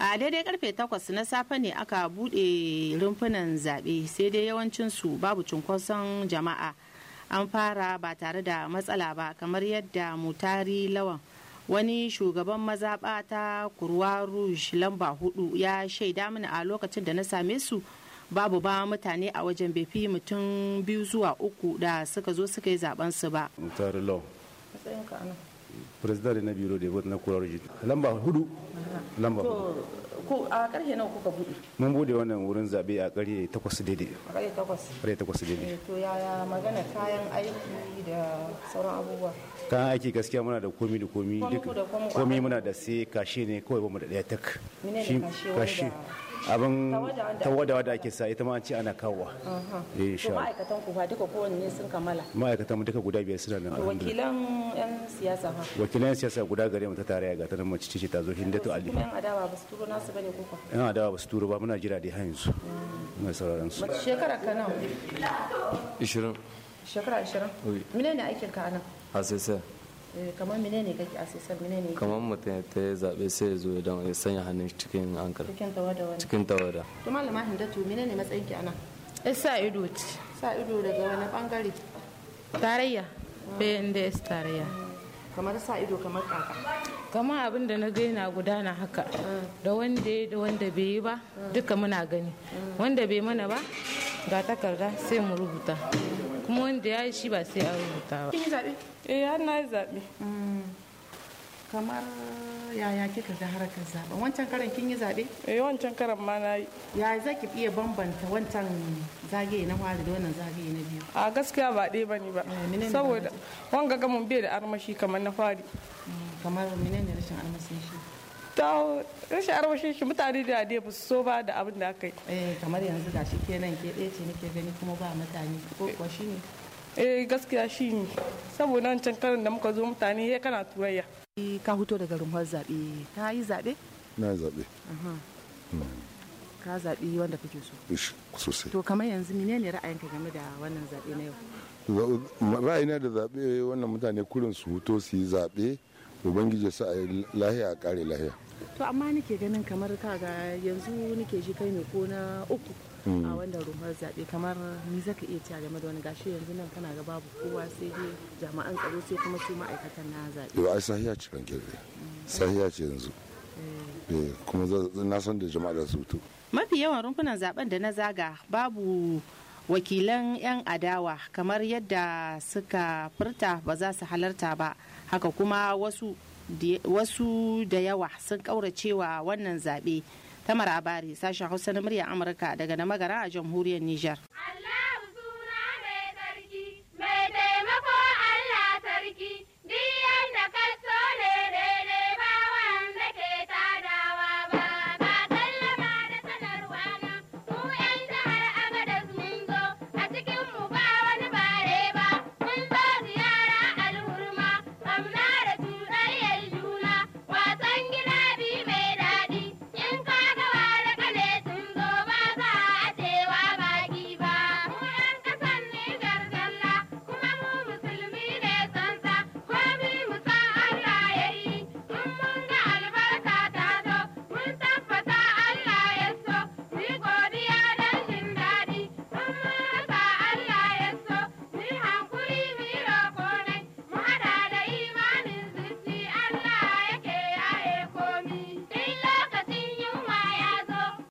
a daidai karfe 8 na safe ne aka bude rumfunan zaɓe sai dai yawancinsu babu cunkoson jama'a an fara ba tare da matsala ba kamar yadda mutari lawan wani shugaban mazaɓa ta kurwa rouge lamba hudu ya shaida mini a lokacin da na same su babu ba mutane a wajen bai fi mutum biyu zuwa uku da suka zo suka yi zaben su ba president na biro da na kurarji lamba hudu lamba ko a karshe nawa kuka bude mun bude wannan wurin zabe a karfe 8 daidai karfe 8 karfe 8 daidai eh, to yaya magana kayan aiki da sauran abubuwa kayan aiki gaskiya muna da komi da komi duk komi muna da sai kashe ne kawai bamu da daya tak shi kashe abin tawada da ake sa ita ma ana kawo. eh insha Allah ma'aikatan ku fa duka ne sun kammala ma'aikatan mu duka guda biyar suna nan wakilan yan siyasa fa wakilan siyasa guda gare mu ta tarayya ga ta nan mace ce ta zo Hindatu Ali yan adawa ba su turo nasu bane ko yan adawa ba su turo ba muna jira dai har yanzu mai hmm. sauraron su shekara ka nawa 20 shekara 20 menene aikin ka anan asese Eh, kamar mine ne kake asisar mine ne kamar mutum ya ta zaɓe sai ya zo idan ya sanya hannun cikin ankar cikin tawada wani cikin tawada to malama hindatu mine ne matsayin ki ana eh, sa ido ci sa ido daga wani bangare tarayya bayan da pnds tarayya hmm. kamar sa ido kamar kaka kamar abin da na gaina gudana haka hmm. da wanda ya da wanda bai yi ba hmm. duka muna gani wanda bai mana ba ga takarda sai mu rubuta kuma wanda ya yi shi ba sai an rubuta ba kin zaɓe? eh har na zaɓe. Mm. kamar yaya kika ga harkar zaɓe wancan karan kin yi zaɓe? eh wancan karan ma na yi yaya zaki iya bambanta wancan zagaye na fari da wannan zagaye na biyu a gaskiya ba ɗaya ni ba eh, saboda wanga gamin bai da armashi kamar na fari mm, kamar menene rashin armashin shi ta rashin armashin shi mutane da ne ba so ba da abin da aka yi eh kamar yanzu gashi kenan ke ɗaya ce nake gani kuma ba mutane ko kuwa shi ne eh gaskiya shi ne saboda wancan karin da muka zo mutane ya kana turayya ka huto daga rumfar zaɓe ka yi zaɓe na zaɓe hmm. ka zaɓi wanda kake so sosai to kamar yanzu ne ra'ayinka game da wannan zaɓe na yau ra'ayina da zaɓe wannan mutane kurin su huto su yi zaɓe ubangiji sa a lahiya a kare lahiya to amma nake ganin kamar kaga yanzu nake shi kai ne ko na uku a hmm. wanda rumar zaɓe kamar ni zaka iya cewa game da wani gashi yanzu nan kana ga babu kowa sai dai jami'an tsaro sai kuma su ma'aikatan na zaɓe. Yau ai sahiya ce ran kirɗe. Sahiya ce yanzu. Eh. Eh, kuma na san da jama'a da su Mafi yawan rumfunan zaben da na zaga babu wakilan 'yan adawa kamar yadda suka furta ba za su halarta ba haka kuma wasu wasu da yawa sun kauracewa wannan zaɓe ta abari sashen hausa na murya amurka daga na magara a jamhuriyar nijar